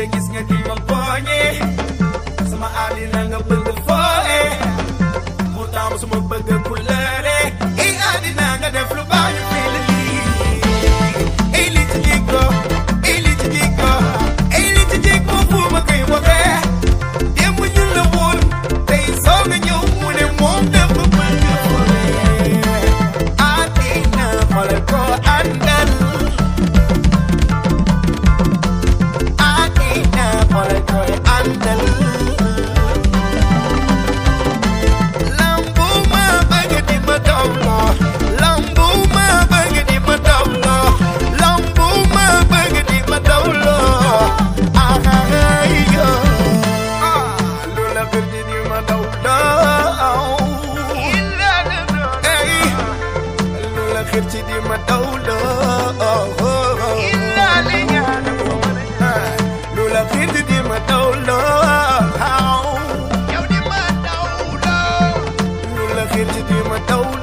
I'm nga ni ma poñe sama àddina kirti di ma dawlo oh oh linya lula kirti di ma how yow di lula kirti di ma